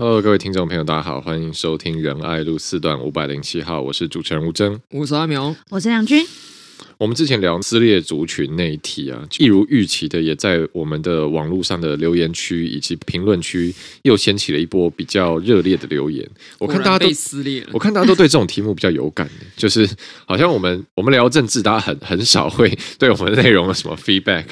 Hello，各位聽眾朋友，大家好，歡迎收聽仁愛路四段五百零七號，我是主持人吳崢，我是阿苗，我是梁軍。我們之前聊撕裂族群那一題啊，一如預期的，也在我們的網絡上的留言區以及評論區又掀起了一波比較熱烈的留言。我看大家都撕裂了，我看大家都對這種題目比較有感，就是好像我們我們聊政治，大家很很少會對我們的內容有什麼 feedback。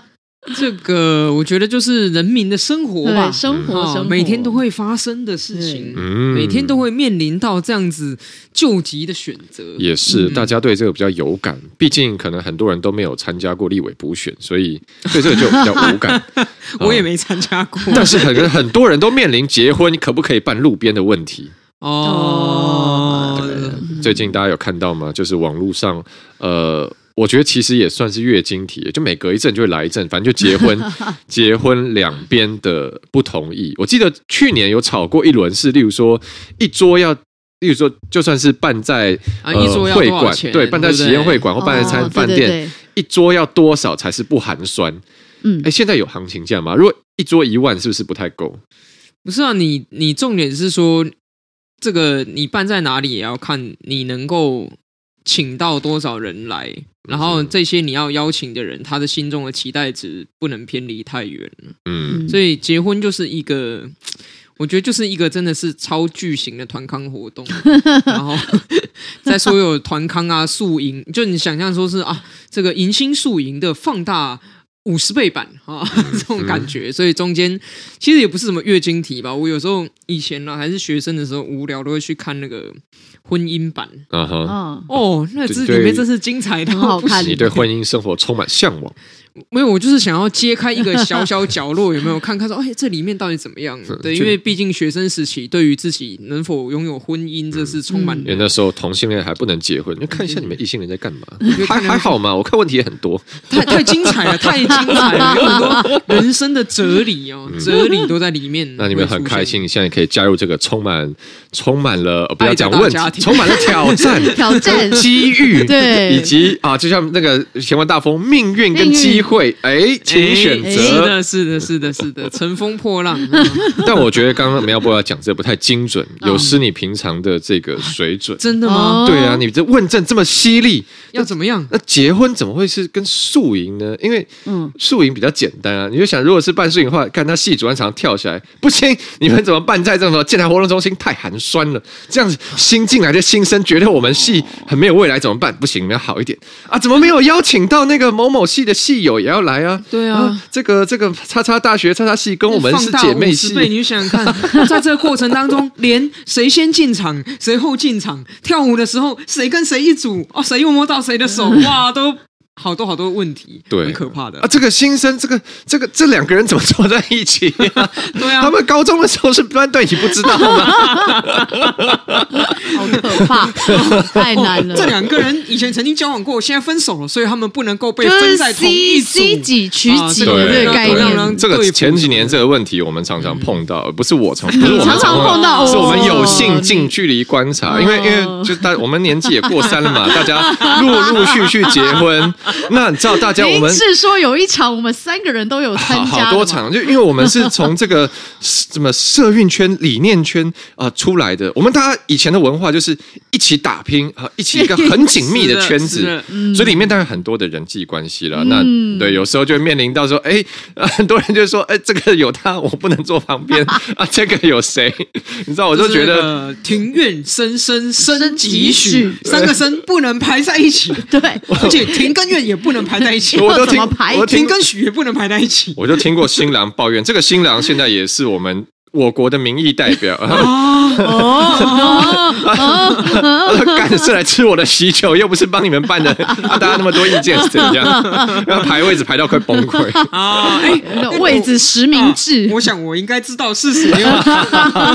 這個我覺得就是人民的生活吧，生活，生活、哦，每天都會發生的事情，對嗯、每天都會面臨到這樣子救急的選擇。也是，嗯、大家對這個比較有感，畢竟可能很多人都沒有參加過立委補選，所以對這個就比較無感。 呃、我也沒參加過，但是很很多人都面臨結婚可不可以辦路邊的問題哦。這個嗯、最近大家有看到嗎？就是網路上呃。我覺得其實也算是月經題，就每隔一陣就會來一陣，反正就結婚， 結婚兩邊的不同意。我記得去年有炒過一輪事，是例如說一桌要，例如說就算是辦在、啊、一桌要呃會館，對，對對辦在喜宴會館或辦在餐飯、哦、店，對對對，一桌要多少才是不寒酸？嗯，哎，現在有行情價嗎？如果一桌一萬，是不是不太夠？不是啊，你你重點是說這個你辦在哪裡也要看你能夠。請到多少人來？然後這些你要邀請的人，他的心中的期待值不能偏離太遠。嗯，所以結婚就是一個，我覺得就是一個真的是超巨型的團康活動。 然後在所有團康啊、宿營，就你想象說是啊，這個迎新宿營的放大。五十倍版啊，這種感覺，嗯、所以中間其實也不是什麼月經題吧。我有時候以前呢、啊，還是學生的時候，無聊都會去看那個婚姻版，嗯哼，哦，那這裡面真是精彩的好看。對你對婚姻生活充滿嚮往。 沒有，我就是想要揭開一個小小角落，有沒有看看說，哎，這裡面到底怎麼樣？對，因為畢竟學生時期對於自己能否擁有婚姻，這是充滿。因為那時候同性戀還不能結婚，就看一下你們異性戀在幹嘛。還還好嘛，我看問題也很多，太太精彩了，太精彩了，有很多人生的哲理哦，哲理都在裡面。那你們很開心，現在可以加入這個充滿充滿了不要講問題，充滿了挑戰、挑戰、機遇，以及啊，就像那個《前萬大風》命運跟機。會哎，請你選擇是的，是的，是的，是的，乘風破浪。嗯、 但我覺得剛剛苗博要講這不太精準，嗯、有失你平常的這個水準。啊、真的嗎？哦、對啊，你這問政這麼犀利，要怎麼樣？那結婚怎麼會是跟宿營呢？因為嗯，宿營比較簡單啊。你就想，如果是辦宿營的話，看他系主任場跳起來，不行，你們怎麼辦？在這種建材活動中心太寒酸了，這樣子新進來的新生覺得我們系很沒有未來，怎麼辦？不行，你們要好一點啊。怎麼沒有邀請到那個某某系的系友？我也要來啊！對啊，啊，這個這個叉叉大學叉叉系跟我們是姐妹系。對你想想看，在這個過程當中， 連誰先進場，誰後進場，跳舞的時候誰跟誰一組哦，誰又摸到誰的手哇，都。好多好多問題，對，很可怕的啊！這個新生，這個這個這兩個人怎麼坐在一起？對啊，他們高中的時候是班對，你不知道嗎？好可怕，太難了。這兩個人以前曾經交往過，現在分手了，所以他們不能夠被分在同一組。分幾取幾的概念，這個前幾年這個問題我們常常碰到，不是我常，不是常常碰到，是我們有幸近距離觀察，因為因為就大我們年紀也過三了嘛，大家陸陸續續結婚。 那你知道大家，我們是說有一場，我們三個人都有參加，好多場。就因為我們是從這個什麼社運圈、理念圈啊，、呃、出來的，我們大家以前的文化就是一起打拼啊，一起一個很緊密的圈子， 嗯、所以裡面當然很多的人際關係了。那對，有時候就面臨到說，哎、欸，很多人就說，哎、欸，這個有他，我不能坐旁邊 啊，這個有誰？你知道，我就覺得、這個、庭院深深深幾許，對三個深不能排在一起，對， 而且庭跟院也不能排在一起， 我都聽，怎麼排我聽跟許也不能排在一起。 我就聽過新郎抱怨， 這個新郎現在也是我們。我國的民意代表，啊，幹的是來吃我的喜酒，又不是幫你們辦的，大家那麼多意見是怎麼樣 oh. Oh.？要排位子排到快崩潰啊！位子實名制，我想我應該知道是誰。啊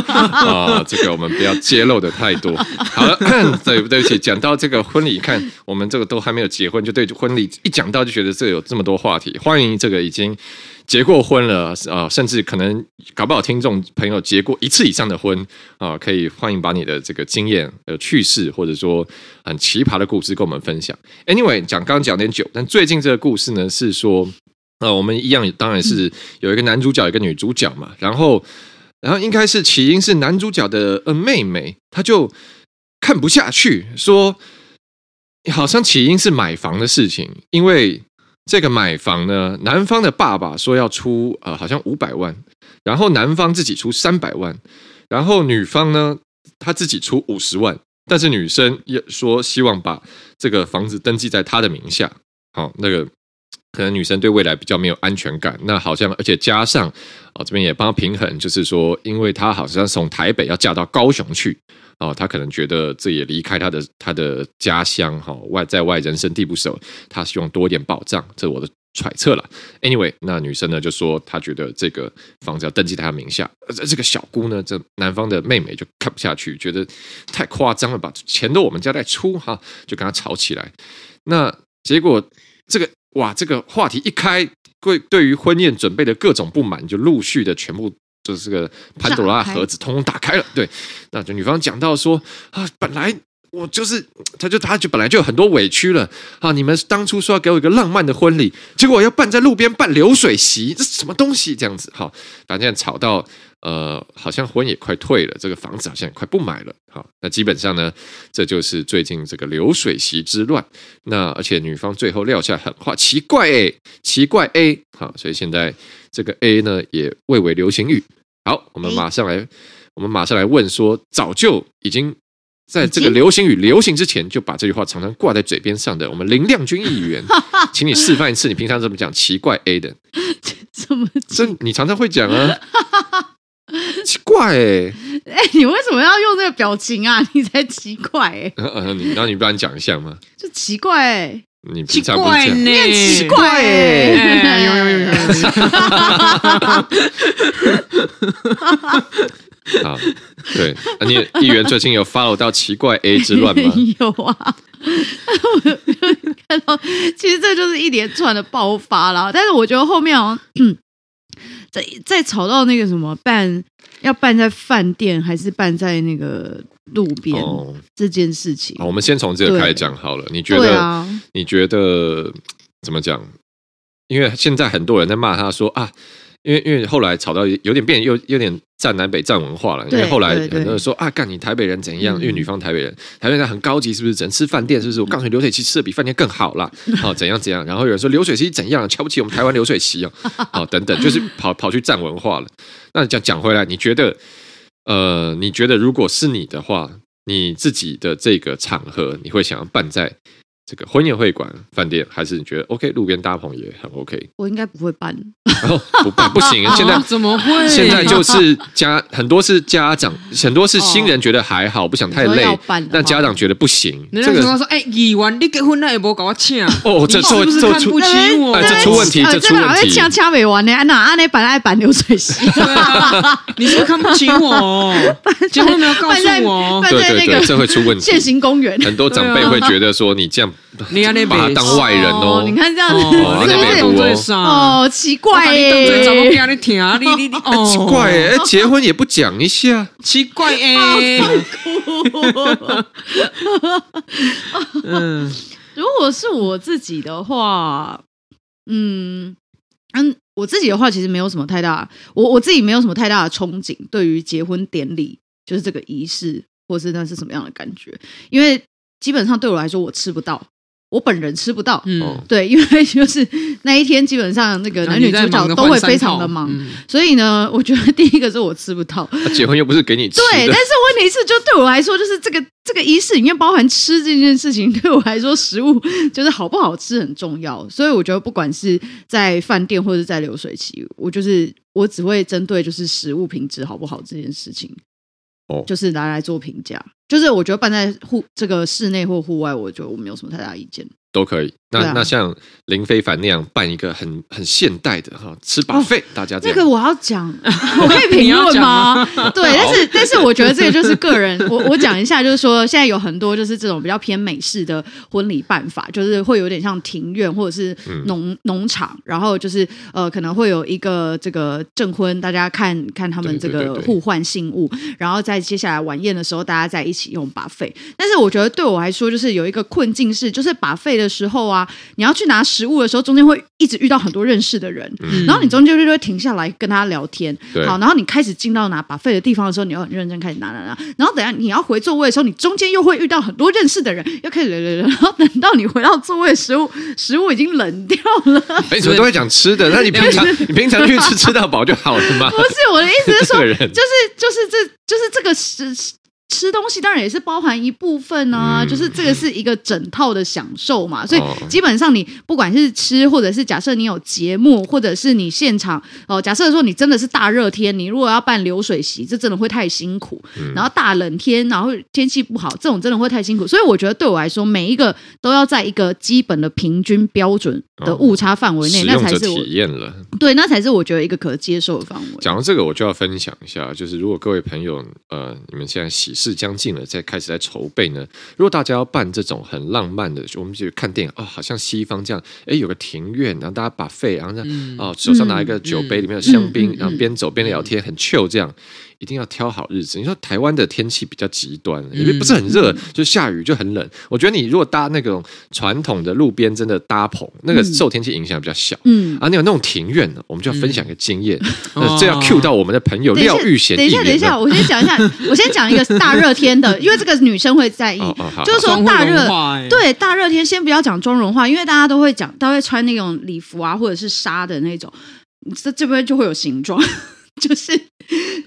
，oh. oh. 這個我們不要揭露的太多。好了，對，對不起，講到這個婚禮，看我們這個都還沒有結婚，就對婚禮一講到就覺得這個有這麼多話題。歡迎這個已經。結過婚了啊、呃，甚至可能搞不好聽眾朋友結過一次以上的婚啊、呃，可以歡迎把你的這個經驗、呃、趣事，或者說很奇葩的故事跟我們分享。Anyway，講剛，剛講點久，但最近這個故事呢是說、呃，我們一樣當然是有一個男主角，一個女主角嘛，然後，然後應該是起因是男主角的呃妹妹，她就看不下去，說好像起因是買房的事情，因為。這個買房呢，男方的爸爸說要出呃，好像五百萬，然後男方自己出三百萬，然後女方呢，她自己出五十萬，但是女生也說希望把這個房子登記在她的名下。好，哦，那個可能女生對未來比較沒有安全感。那好像而且加上哦，這邊也幫他平衡，就是說，因為她好像從台北要嫁到高雄去。哦，他可能覺得這也離開他的他的家鄉哈、哦，外在外人生地不熟，他希望多一點保障，這是我的揣測了。Anyway，那女生呢就說她覺得這個房子要登記她的名下，這個小姑呢，這男方的妹妹就看不下去，覺得太誇張了吧，把錢都我們家在出哈、啊，就跟他吵起來。那結果這個哇，這個話題一開，對對於婚宴準備的各種不滿就陸續的全部。就是個潘多拉盒子，通通打開了。對，那就女方講到說啊，本來我就是，她就她就本來就有很多委屈了。啊，你們當初說要給我一個浪漫的婚禮，結果我要辦在路邊辦流水席，這是什麼東西？這樣子，哈，反正吵到。呃，好像婚也快退了，這個房子好像也快不買了。好，那基本上呢，這就是最近這個流水席之亂。那而且女方最後撂下狠話，奇怪哎、欸，奇怪 A。好，所以現在這個 A 呢也蔚為流行語。好，我們馬上來，哎、我們馬上來問說，早就已經在這個流行語經流行之前，就把這句話常常掛在嘴邊上的我們林亮君議員， 請你示範一次，你平常怎麼講奇怪 A 的？這怎麼講？這你常常會講啊？ 怪哎、欸，你為什麼要用這個表情啊？你才奇怪哎、欸！你、嗯，那、嗯嗯、你不然講一下嗎？就奇怪哎、欸，你奇怪、欸，你變奇怪哎！啊，對，那你議員最近有 follow 到奇怪 A 之亂嗎？ 有啊，我有看到，其實這就是一連串的爆發啦。但是我覺得後面哦、喔，再再吵到那個什麼辦，要辦在飯店還是辦在那個路邊、哦、這件事情？哦、我們先從這個開始講好了。對你覺得？啊、你覺得怎麼講？因為現在很多人在罵他說啊。因為因為後來吵到有點變有，又有點戰南北戰文化了。因為後來很多人說啊，干你台北人怎樣？因為、嗯、女方台北人，台北人很高級，是不是？只能吃飯店，是不是？我剛才流水席吃的比飯店更好啦，哦，怎樣怎樣？然後有人說流水席怎樣，瞧不起我們台灣流水席啊、哦， 哦，等等，就是跑跑去戰文化了。那講講回來，你覺得，呃，你覺得如果是你的話，你自己的這個場合，你會想要辦在？這個婚宴會館、飯店，還是你覺得 OK？路邊搭棚也很 OK。我應該不會辦，不辦不行。現在怎麼會？現在就是家很多是家長，很多是新人覺得還好，不想太累。但家長覺得不行。這個說哎，你完你結婚那有無搞我請哦，這會不會出問題？這出問題，這出問題。這出問題，哪哪裡擺流水席。你是看不起我，最後沒有告訴我。對對對，這會出問題。限行公園，很多長輩會覺得說你這樣。你要你把他當外人、喔、哦！你看這樣子，哦，你被毒了，奇怪哎、欸！你長得漂亮你挺啊，你你你、哦欸，奇怪哎、欸！結婚也不講一下，奇怪哎、欸哦！ 如果是我自己的話，嗯嗯，我自己的話其實沒有什麼太大，我我自己沒有什麼太大的憧憬，對於結婚典禮就是這個儀式，或是那是什麼樣的感覺，因為基本上對我來說，我吃不到。我本人吃不到，嗯、對，因為就是那一天，基本上那個男女主角都會非常的忙，忙的嗯、所以呢，我覺得第一個是我吃不到。啊、結婚又不是給你吃的。對，但是問題是，就對我來說，就是這個這個儀式裡面包含吃這件事情，對我來說，食物就是好不好吃很重要。所以我覺得，不管是在飯店或者是在流水席，我就是我只會針對就是食物品質好不好這件事情。就是拿來做評價，就是我覺得辦在戶，這個室內或戶外，我覺得我沒有什麼太大意見。都可以，那、啊、那像林非凡那樣辦一個很很現代的哈吃 buffet。哦，大家這個我要講，我可以評論嗎？ 你要講嗎？對，但是那好 但是我覺得這個就是個人，我我講一下，就是說現在有很多就是這種比較偏美式的婚禮辦法，就是會有點像庭院或者是農農、嗯、場，然後就是呃可能會有一個這個證婚，大家看看他們這個互換信物，對對對對對，然後在接下來晚宴的時候大家在一起用 buffet，但是我覺得對我來說就是有一個困境是，就是 buffet 的。的時候啊，你要去拿食物的時候，中間會一直遇到很多認識的人，嗯、然後你中間就會停下來跟他聊天，對好，然後你開始進到拿 buffet 的地方的時候，你要很認真開始拿拿拿，拿，然後等下你要回座位的時候，你中間又會遇到很多認識的人，又開始冷冷冷。然後等到你回到座位，食物食物已經冷掉了，為什、欸、麼都會講吃的，就是、那你平常、就是、你平常去吃吃到飽就好了嗎？不是我的意思是說，就是就是這就是這個是。吃東西當然也是包含一部分啊，嗯、就是這個是一個整套的享受嘛，所以基本上你不管是吃，或者是假設你有節目，或者是你現場哦、呃，假設說你真的是大熱天，你如果要辦流水席，這真的會太辛苦；嗯、然後大冷天，然後天氣不好，這種真的會太辛苦。所以我覺得對我來說，每一個都要在一個基本的平均標準的誤差範圍內，嗯、那才是我體驗了。對，那才是我覺得一個可接受的範圍。講到這個，我就要分享一下，就是如果各位朋友，呃，你們現在喜事將近了，再開始在籌備呢，如果大家要辦這種很浪漫的，嗯、就我們就看電影啊、哦，好像西方這樣，哎，有個庭院，然後大家 buffet，然後、嗯、哦，手上拿一個酒杯，裡面有香檳，嗯嗯、然後邊走邊聊天，嗯、很 Chill。這樣。一定要挑好日子。你說台灣的天氣比較極端，因為不是很熱，就下雨就很冷。我覺得你如果搭那種傳統的路邊真的搭棚，那個受天氣影響比較小。嗯啊，你有那種庭院，我們就要分享一個經驗。這要 cue 到我們的朋友廖玉賢。等一下，等一下，我先講一下，我先講一個大熱天的，因為這個女生會在意，就是說大熱，對，大熱天，先不要講妝容化，因為大家都會講，都會穿那種禮服啊，或者是紗的那種，這這邊就會有形狀，就是。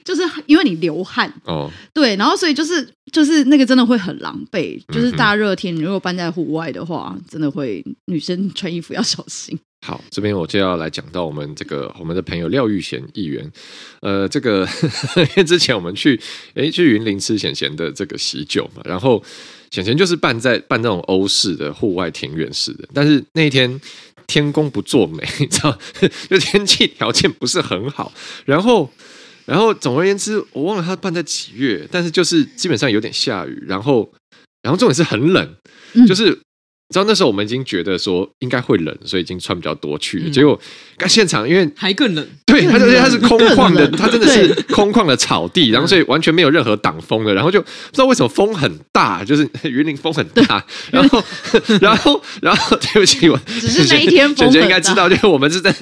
就是因為你流汗哦，對，然後所以就是就是那個真的會很狼狽，嗯、哼就是大熱天你如果辦在戶外的話，真的會女生穿衣服要小心。好，這邊我就要來講到我們這個我們的朋友廖玉賢議員，呃，這個呵呵因為之前我們去哎、欸、去雲林吃顯賢的這個喜酒嘛，然後顯賢就是辦在辦那種歐式的戶外庭院式的，但是那一天天公不作美，你知道，就天氣條件不是很好，然後。然後總而言之，我忘了它辦在幾月，但是就是基本上有點下雨，然後，然後重點是很冷，嗯、就是你知道那時候我們已經覺得說應該會冷，所以已經穿比較多去了，嗯、結果在現場因為還更冷，對，他就冷它,它是空曠的，冷它真的是空曠的草地，對然後所以完全沒有任何擋風的，然後就不知道為什麼風很大，就是雲林風很大，然後， 然後，然後，然後，對不起，我只是那一天風姐姐應該知道，就是我們是在，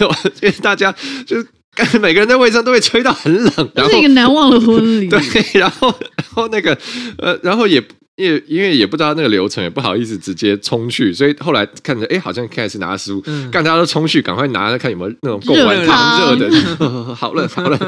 因為大家就是。但是每個人的位置都會吹到很冷，這是一個難忘的婚禮。對，然後，然後那個，呃，然後也。因為因為也不知道那個流程，也不好意思直接衝去，所以後來看着，哎，好像開始拿書，看大家都衝去，趕快拿，看有沒有那種夠完湯熱的，好了好了。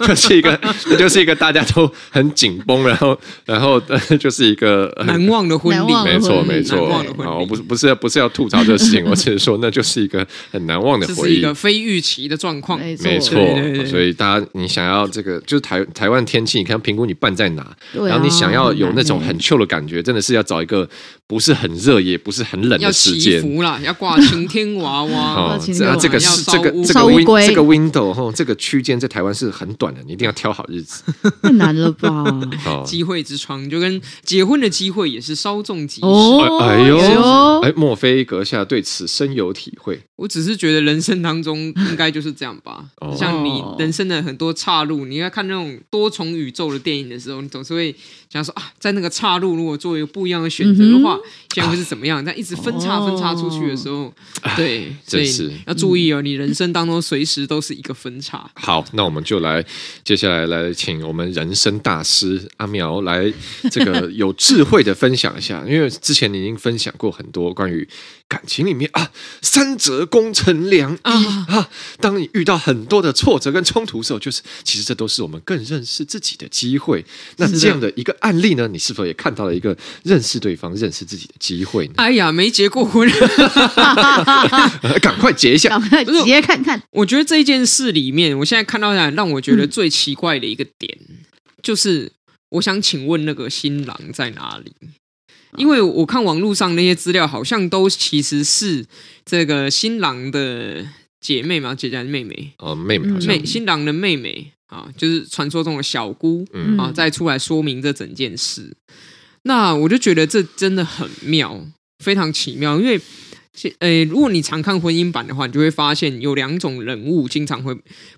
這是一個，就是一個大家都很緊繃，然後然後就是一個難忘的婚禮，沒錯沒錯，我不是不是不是要吐槽這個事情，我只是說那就是一個很難忘的回憶，一個非預期的狀況，沒錯，所以大家你想要這個，就是台台灣天氣，你看評估你辦在哪，然後你想要有那種很。秀的感覺真的是要找一個不是很熱也不是很冷的時間。要祈福了，要掛晴天娃娃。 哦、啊，這個是這個這個、這個、window wind 吼、哦，這個區間在台灣是很短的，你一定要挑好日子。 太難了吧？哦、機會之窗，就跟結婚的機會也是稍縱即逝。哦、哎呦，哎，莫非閣下對此深有體會？我只是覺得人生當中應該就是這樣吧。哦、像你人生的很多岔路，你應該看那種多重宇宙的電影的時候，你總是會想說啊，在那個岔。如果做一個不一樣的選擇的話，將、嗯、哼會是怎麼樣？唉但一直分叉、分叉出去的時候，唉對，真是要注意哦！嗯、你人生當中隨時都是一個分叉。好，那我們就來接下來來請我們人生大師阿苗來這個有智慧的分享一下， 因為之前你已經分享過很多關於。感情裡面啊，三折肱成良醫啊，啊！當你遇到很多的挫折跟衝突的時候，就是其實這都是我們更認識自己的機會。那這樣的一個案例呢，是是你是否也看到了一個認識對方、認識自己的機會呢？哎呀，沒結過婚，趕 快結一下，趕快結看看。我覺得這件事裡面，我現在看到的讓我覺得最奇怪的一個點，嗯、就是我想請問那個新郎在哪裡？因為我看網絡上那些資料，好像都其實是這個新郎的姐妹嘛，姐姐還是妹妹？哦，妹妹好像，妹新郎的妹妹啊，就是傳說中的小姑、嗯、啊，再出來說明這整件事。那我就覺得這真的很妙，非常奇妙，因為。誒，如果你常看婚姻版的話，你就會發現有兩種人物經常會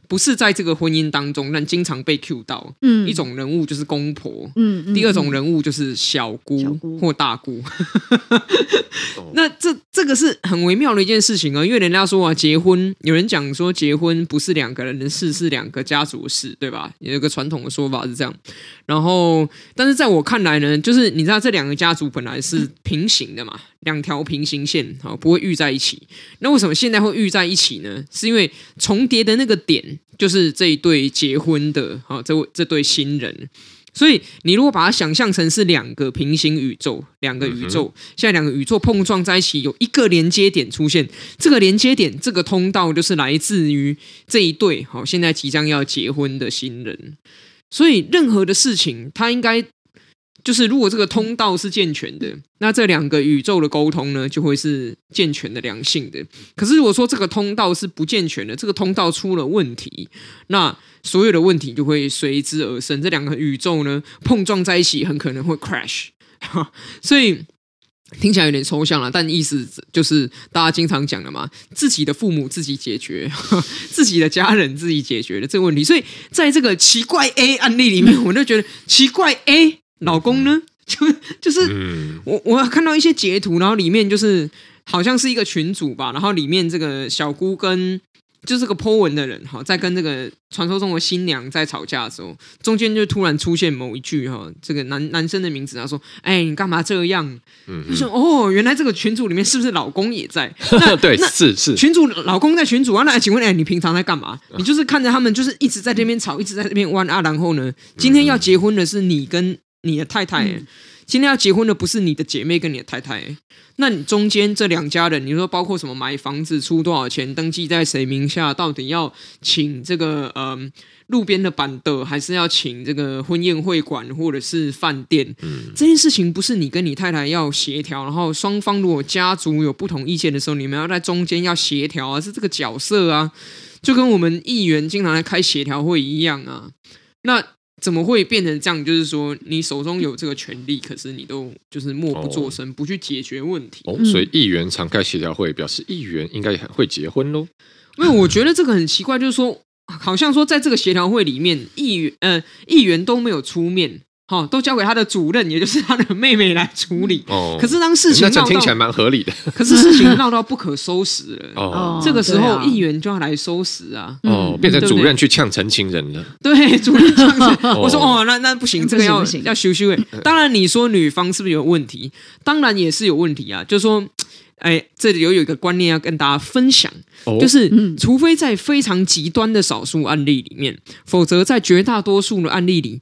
不是在這個婚姻當中，但經常被 cue 到。嗯，一種人物就是公婆，嗯，嗯，第二種人物就是小姑，小姑或大姑。 那這這個是很微妙的一件事情啊，哦，因為人家說啊，結婚有人講說結婚不是兩個人的事，是兩個家族的事，對吧？有一個傳統的說法是這樣。然後，但是在我看來呢，就是你知道這兩個家族本來是平行的嘛。嗯兩條平行線，好，不會遇在一起。那為什麼現在會遇在一起呢？是因為重疊的那個點，就是這一對結婚的，好，這位這對新人。所以你如果把它想象成是兩個平行宇宙，兩個宇宙、嗯、哼現在兩個宇宙碰撞在一起，有一個連接點出現。這個連接點，這個通道，就是來自於這一對，好，現在即將要結婚的新人。所以任何的事情，它應該。就是如果這個通道是健全的，那這兩個宇宙的溝通呢，就會是健全的、良性的。可是如果說這個通道是不健全的，這個通道出了問題，那所有的問題就會隨之而生。這兩個宇宙呢，碰撞在一起，很可能會 crash。哈，所以聽起來有點抽象了，但意思就是大家經常講的嘛，自己的父母自己解決，哈，自己的家人自己解決的這個問題。所以在這個奇怪 A 案例裡面，我就覺得奇怪 A。老公呢？就、嗯、 就是、嗯、我我看到一些截圖，然後裡面就是好像是一個群組吧，然後裡面這個小姑跟就是個 Po 文的人哈，在跟這個傳說中的新娘在吵架的時候，中間就突然出現某一句哈，這個男男生的名字，他說：“哎、欸，你幹嘛這樣？”嗯，嗯就是哦，原來這個群組裡面是不是老公也在？”那 對，那是是群組老公在群組啊？那來請問，哎、欸，你平常在幹嘛？啊、你就是看着他們，就是一直在那邊吵，一直在那邊玩啊？然後呢，今天要結婚的是你跟。你的太太，欸，嗯、今天要結婚的不是你的姐妹跟你的太太，欸，那你中間這兩家人，你說包括什麼買房子出多少錢，登記在誰名下，到底要請這個嗯、呃、路邊的板凳，還是要請這個婚宴會館或者是飯店？嗯、這件事情不是你跟你太太要協調，然後雙方如果家族有不同意見的時候，你們要在中間要協調，啊，而是這個角色啊，就跟我們議員經常來開協調會一樣啊，那怎麼會變成這樣？就是說，你手中有這個權利，可是你都就是默不作聲，哦、不去解決問題。哦、所以議員常開協調會，表示議員應該很會結婚嘍。因為、嗯、我覺得這個很奇怪，就是說，好像說在這個協調會裡面，議員呃，議員都沒有出面。哦，都交給他的主任，也就是他的妹妹來處理。哦，可是當事情是那聽起來蠻合理的。可是事情鬧到不可收拾了。 哦，這個時候議員就要來收拾啊。哦，嗯、變成主任去嗆陳情人了。嗯、對，對，對，主任嗆人。哦、我說哦，那那不行，哦、這個要行行要修修誒。當然你說女方是不是有問題？當然也是有問題啊。就是說，哎，這裡又有一個觀念要跟大家分享，就是除非在非常極端的少數案例裡面，否則在絕大多數的案例裡。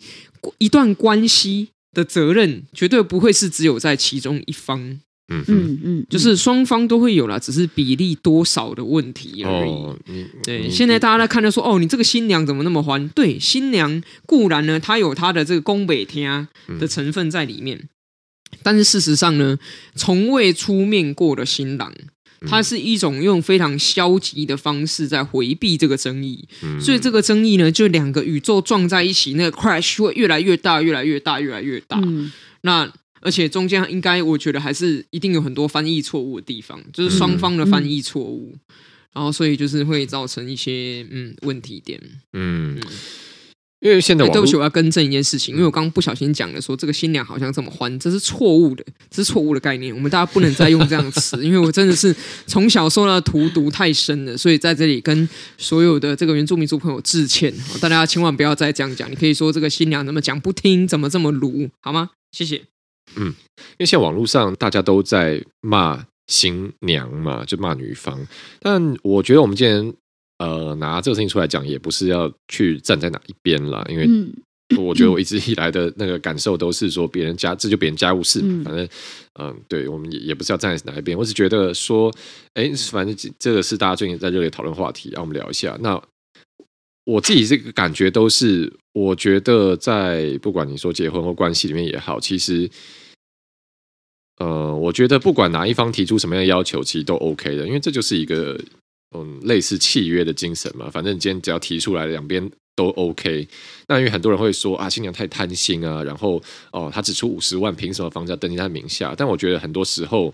一段關係的責任絕對不會是只有在其中一方嗯哼，嗯嗯嗯，就是雙方都會有啦，只是比例多少的問題而已。哦、對，嗯、哼現在大家在看到說，哦，你這個新娘怎麼那麼歡？對，新娘固然呢，她有她的這個講不聽的成分在裡面，嗯、但是事實上呢，從未出面過的新郎。嗯、它是一種用非常消極的方式在回避這個爭議，嗯、所以這個爭議呢，就兩個宇宙撞在一起，那個 crash 會越來越大，越，越來越大，越來越大。那而且中間應該，我覺得還是一定有很多翻譯錯誤的地方，就是雙方的翻譯錯誤，嗯、然後所以就是會造成一些嗯問題點。嗯。嗯因為現在我、欸、對不起，我要更正一件事情，因為我剛剛不小心講了說這個新娘好像這麼歡，這是錯誤的，這是錯誤的概念，我們大家不能再用這樣的詞， 因為我真的是從小受到荼毒太深了，所以在這裡跟所有的這個原住民族朋友致歉，大家千萬不要再這樣講，你可以說這個新娘怎麼講不聽，怎麼這麼魯，好嗎？謝謝。嗯，因為現在網絡上大家都在罵新娘嘛，就罵女方，但我覺得我們今天。呃，拿這個事情出來講，也不是要去站在哪一邊啦，因為我覺得我一直以來的那個感受都是說，別人家、嗯、這就別人家務事，嗯、反正嗯、呃，對我們也也不是要站在哪一邊，我只覺得說，哎，反正這這個是大家最近在熱烈討論話題，讓、啊、我們聊一下。那我自己這個感覺都是，我覺得在不管你說結婚或關係裡面也好，其實呃，我覺得不管哪一方提出什麼樣的要求，其實都 OK 的，因為這就是一個。嗯，類似契約的精神嘛，反正你今天只要提出來，兩邊都 OK。那因為很多人會說啊，新娘太貪心啊，然後哦，他只出五十萬，憑什麼房子要登記他名下？但我覺得很多時候，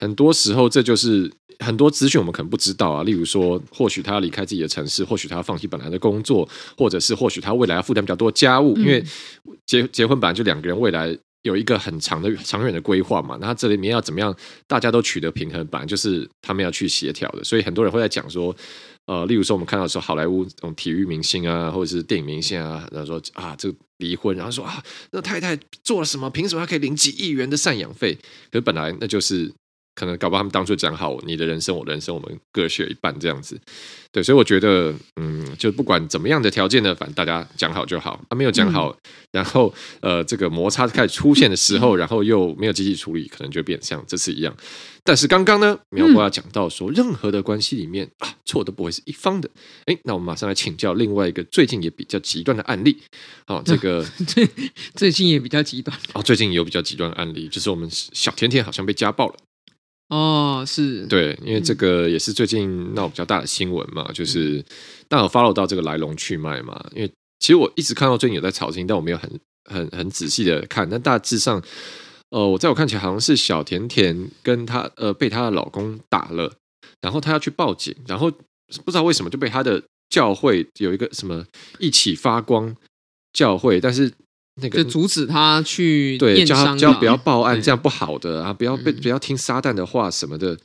很多時候這就是很多資訊我們可能不知道啊。例如說，或許他要離開自己的城市，或許他要放棄本來的工作，或者是或許他未來要負擔比較多家務，因為結結婚本來就兩個人未來。有一個很長的長遠的規劃嘛，那這裡面要怎麼樣，大家都取得平衡版，本來就是他們要去協調的。所以很多人會在講說，呃，例如說我們看到說好萊塢這種、嗯、體育明星啊，或者是電影明星啊，然後說啊這個離婚，然後說啊那太太做了什麼，憑什麼可以領幾億元的贍養費？可是本來那就是。可能搞不好他們當初講好你的人生，我的人生，我們各學一半這樣子，對，所以我覺得，嗯，就不管怎麼樣的條件呢，反正大家講好就好啊。沒有講好，然後呃，這個摩擦開始出現的時候，然後又沒有積極處理，可能就變像這次一樣。但是剛剛呢，苗哥要講到說，任何的關係裡面啊，錯都不會是一方的。哎，那我們馬上來請教另外一個最近也比較極端的案例好，啊，這個最、哦、最近也比較極端哦，最近有比較極端案例，就是我們小甜甜好像被家暴了。哦，oh, 是，對，因為這個也是最近鬧比較大的新聞嘛，嗯、就是但我 follow 到這個來龍去脈嘛，因為其實我一直看到最近有在炒新聞，但我沒有很很很仔細的看，但大致上，呃，我在我看起來好像是小甜甜跟她呃被她的老公打了，然後她要去報警，然後不知道為什麼就被她的教會有一個什麼藝起發光教會，但是。那個、就阻止他去驗傷的，對，叫不要報案，對這樣不好的啊！不要被、嗯、不要聽撒旦的話什麼的，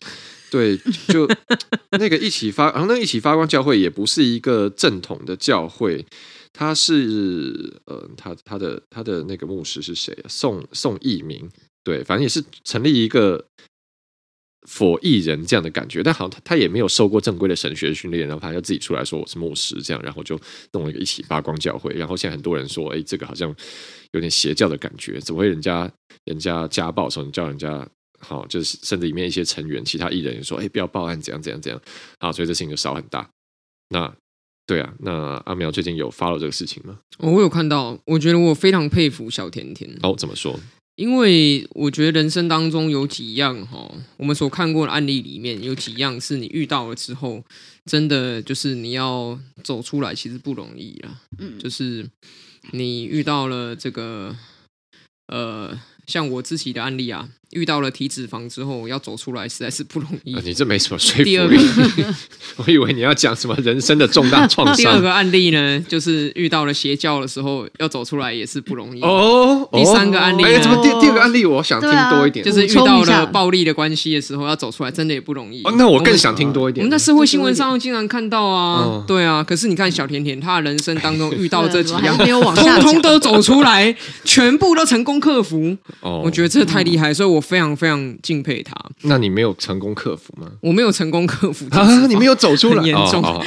對，就 那個藝起發，然、啊、後那藝起發光教會也不是一個正統的教會，他是呃，他他的他的那個牧師是誰、啊？宋宋逸民，對，反正也是成立一個。佛藝人這樣的感覺，但好像他他也沒有受過正規的神學訓練，然後他就自己出來說我是牧師這樣，然後就弄了一個藝起發光教會，然後現在很多人說，誒、欸，這個好像有點邪教的感覺，怎麼會人家人家家暴的時候你叫人家好，就是甚至裡面一些成員，其他藝人也說，誒、欸，不要報案，怎樣怎樣怎樣，啊，所以這事情就燒很大。那對啊，那阿苗最近有 follow 這個事情嗎？我有看到，我覺得我非常佩服小甜甜。哦，怎麼說？因為我覺得人生當中有幾樣哈、哦，我們所看過的案例裡面有幾樣是你遇到了之後，真的就是你要走出來，其實不容易啊，就是你遇到了這個，呃，像我自己的案例啊。遇到了體脂肪之後要走出來實在是不容易。你這沒什麼說服力，我以為你要講什麼人生的重大創傷。第二個案例呢，就是遇到了邪教的時候要走出來也是不容易。哦，第三個案例哎，怎麼第第二個案例我想聽多一點？就是遇到了暴力的關係的時候要走出來真的也不容易。那我更想聽多一點。我們在社會新聞上經常看到啊，對啊，可是你看小甜甜她的人生當中遇到這幾樣，通通都走出來，全部都成功克服。哦，我覺得這太厲害，所以我。非常非常敬佩他。嗯、那你沒有成功克服嗎？我沒有成功克服，啊、你沒有走出來。嚴重，哦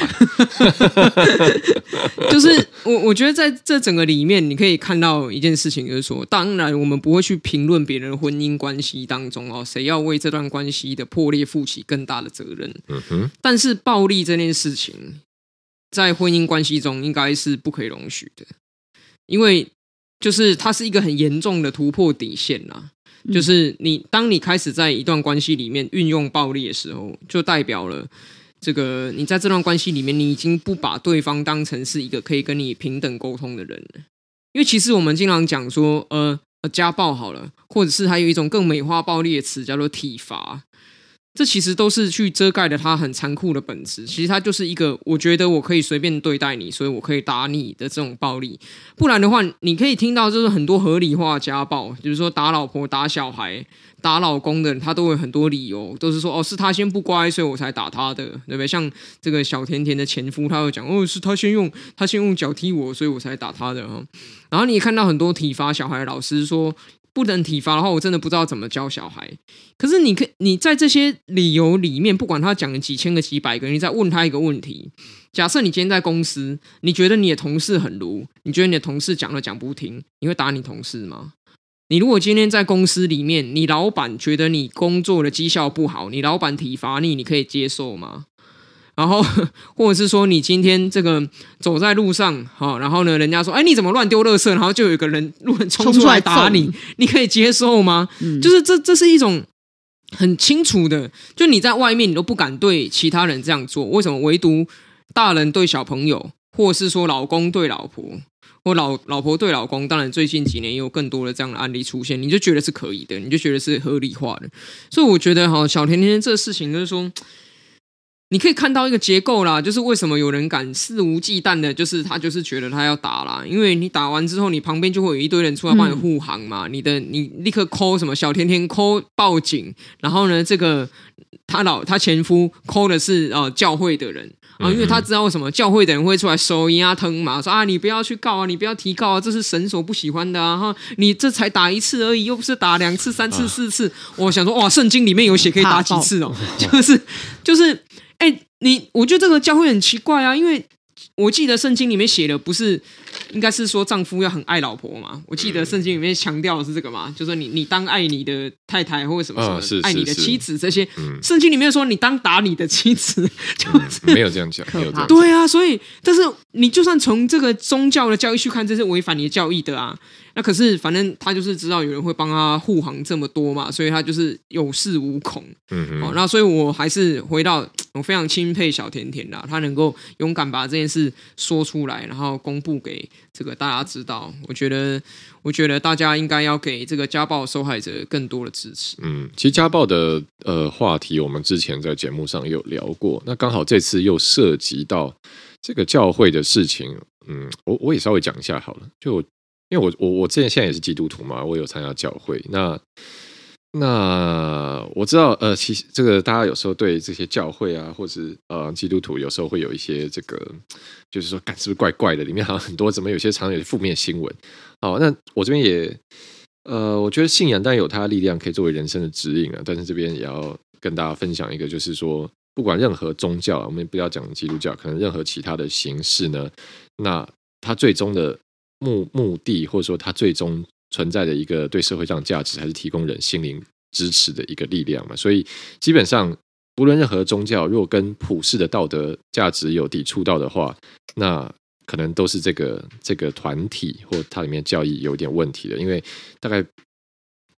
哦、 就是我我覺得在這整個裡面，你可以看到一件事情，就是說，當然我們不會去評論別人的婚姻關係當中哦，誰要為這段關係的破裂負起更大的責任。嗯哼。但是暴力這件事情，在婚姻關係中應該是不可以容許的，因為就是它是一個很嚴重的突破底線吶、啊。就是你，當你開始在一段關係裡面運用暴力的時候，就代表了這個你在這段關係裡面，你已經不把對方當成是一個可以跟你平等溝通的人。因為其實我們經常講說，呃呃，家暴好了，或者是還有一種更美化暴力的詞，叫做體罰。這其實都是去遮蓋了他很殘酷的本質。其實他就是一個，我覺得我可以隨便對待你，所以我可以打你的這種暴力。不然的話，你可以聽到就是很多合理化家暴，比如說打老婆、打小孩、打老公的人，他都有很多理由，都是說哦是他先不乖，所以我才打他的，對不對？像這個小甜甜的前夫他，他會講哦是他先用他先用腳踢我，所以我才打他的哈。然後你也看到很多體罰小孩的老師說。不能體罰的話，我真的不知道怎麼教小孩。可是你可你在這些理由裡面，不管他講幾千個幾百個，你再問他一個問題：假設你今天在公司，你覺得你的同事很魯，你覺得你的同事講都講不聽，你會打你同事嗎？你如果今天在公司裡面，你老板覺得你工作的績效不好，你老板體罰你，你可以接受嗎？然後，或者是說你今天這個走在路上，好、哦，然後呢，人家說，哎，你怎麼亂丟垃圾？然後就有一個人，路人衝出來打你，你可以接受嗎？嗯、就是這，這是一種很清楚的，就你在外面你都不敢對其他人這樣做，為什麼唯獨大人對小朋友，或者是說老公對老婆，或老老婆對老公？當然，最近幾年也有更多的這樣的案例出現，你就覺得是可以的，你就覺得是合理化的。所以我覺得，哈，小甜甜這個事情就是說，你可以看到一個結構啦，就是為什麼有人敢肆無忌憚的，就是他就是覺得他要打啦，因為你打完之後，你旁邊就會有一堆人出來幫你護航嘛，嗯、你的你立刻 call 什麼小甜甜 call 報警，然後呢這個。他老他前夫 call 的是呃教會的人啊，因為他知道為什麼教會的人會出來收啊，疼嘛，說啊你不要去告啊，你不要提告啊，這是神所不喜歡的啊哈，你這才打一次而已，又不是打兩次、三次、啊、四次。我想說哇，聖經裡面有寫可以打幾次哦？就是爆就是，哎、就是欸，你我覺得這個教會很奇怪啊，因為。我記得聖經裡面寫的不是，應該是說丈夫要很愛老婆嘛。我記得聖經裡面強調的是這個嘛，嗯、就說你你當愛你的太太或者什，什麼，哦、是是愛你的妻子這些。聖、嗯、經裡面說你當打你的妻子，就是，就、嗯、沒有這樣講，沒有這樣講。對啊，所以但是。你就算從這個宗教的教義去看，這是違反你的教義的啊。那可是，反正他就是知道有人會幫他護航這麼多嘛，所以他就是有恃無恐。嗯嗯、哦。那所以，我還是回到我非常欽佩小甜甜啦、啊，他能夠勇敢把這件事說出來，然後公布給這個大家知道。我覺得，我覺得大家應該要給這個家暴受害者更多的支持。嗯，其實家暴的呃話題，我們之前在節目上也有聊過，那剛好這次又涉及到。這個教會的事情，嗯，我我也稍微講一下好了。就我因為我我我之前現在也是基督徒嘛，我有參加教會。那那我知道，呃，其實這個大家有時候對這些教會啊，或是呃基督徒，有時候會有一些這個，就是說感是不是怪怪的？裡面好像很多，怎麼有些常，常有些負面的新聞？好、哦，那我這邊也，呃，我覺得信仰當然有它的力量，可以作為人生的指引啊。但是這邊也要跟大家分享一個，就是說。不管任何宗教，我們不要講基督教，可能任何其他的形式呢，那它最終的目目的，或者說它最終存在的一個對社會上價值，還是提供人心靈支持的一個力量嘛？所以基本上，不論任何宗教，若跟普世的道德價值有抵觸到的話，那可能都是這個這個團體或它裡面教義有點問題的，因為大概。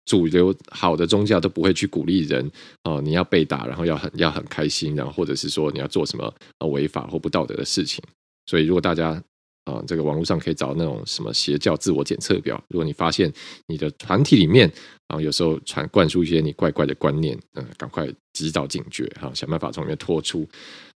主流好的宗教都不會去鼓勵人哦、呃，你要被打，然後要很要很開心，然後或者是說你要做什麼、呃、違法或不道德的事情。所以如果大家啊、呃，這個網絡上可以找那種什麼邪教自我檢測表，如果你發現你的團體裡面啊、呃，有時候傳灌輸一些你怪怪的觀念，嗯、呃，趕快及早警覺哈、呃，想辦法從裡面脫出。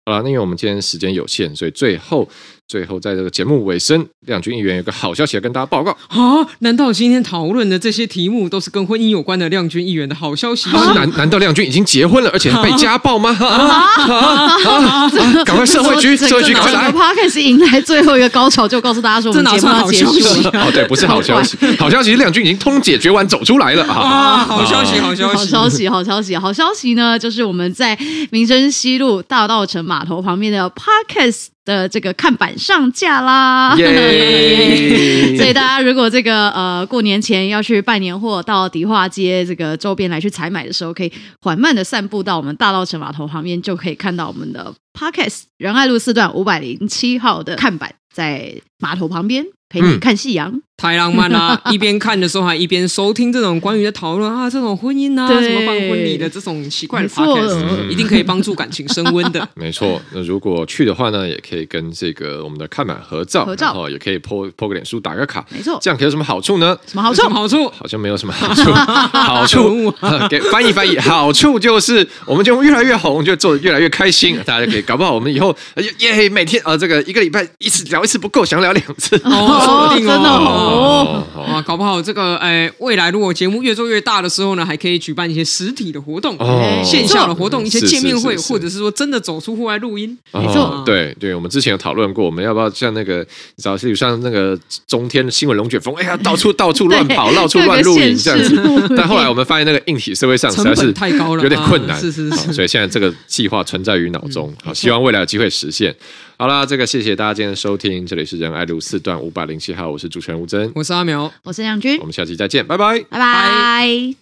好了，那因為我們今天時間有限，所以最後。最後，在這個節目尾聲，亮君議員有個好消息要跟大家報告啊！難道今天討論的這些題目都是跟婚姻有關的？亮君議員的好消息？難、啊、難道亮君已經結婚了，而且被家暴嗎？趕、啊啊啊啊啊啊啊啊、快社會局，社會局，趕快來！podcast 迎來最後一個高潮，就告訴大家說，這哪是好消息、啊？哦，對，不是好消息，好消息是亮君已經通解決完，走出來了啊！好消息，好消息，好消息，好消息，好消息呢？就是我們在民生西路大稻埕碼頭旁邊的 podcast，的這個看板上架啦，Yeah 所以大家如果這個呃過年前要去辦年貨，到迪化街這個周邊來去採買的時候，可以緩慢的散步到我們大稻埕碼頭旁邊，就可以看到我們的 Podcast 仁愛路四段五百零七號的看板。在碼頭旁邊陪你看夕陽，太浪漫了。一邊看的時候還一邊收聽這種關於的討論啊，這種婚姻啊，什麼辦婚禮的這種奇怪的 podcast，一定可以幫助感情升溫的。沒錯，那如果去的話呢，也可以跟這個我們的看板合照，合照。哦，也可以潑潑個臉書，打個卡。沒錯，這樣可以有什麼好處呢？什麼好處？好處好像沒有什麼好處，好處給翻譯翻譯，好處就是我們就越來越紅，就做得越來越開心。大家可以搞不好我們以後耶每天呃這個一個禮拜一次聊。一次不夠，想聊兩次哦，真的哦，哇，搞不好這個誒，未來如果節目越做越大的時候呢，還可以舉辦一些實體的活動，哦，線下的活動，一些見面會，或者是說真的走出戶外錄音，沒錯，對對，我們之前有討論過，我們要不要像那個早些時像那個中天的新聞龍捲風，哎呀，到處到處亂跑，到處亂錄影這樣子，但後來我們發現那個硬體社會上實在是太高了，有點困難，是是是，所以現在這個計劃存在於腦中，好，希望未來有機會實現。好了，這個謝謝大家今天的收聽，這裡是仁愛路四段五百零七號，我是主持人吳真，我是阿苗，我是楊君。我們下期再見，拜拜，拜拜 bye。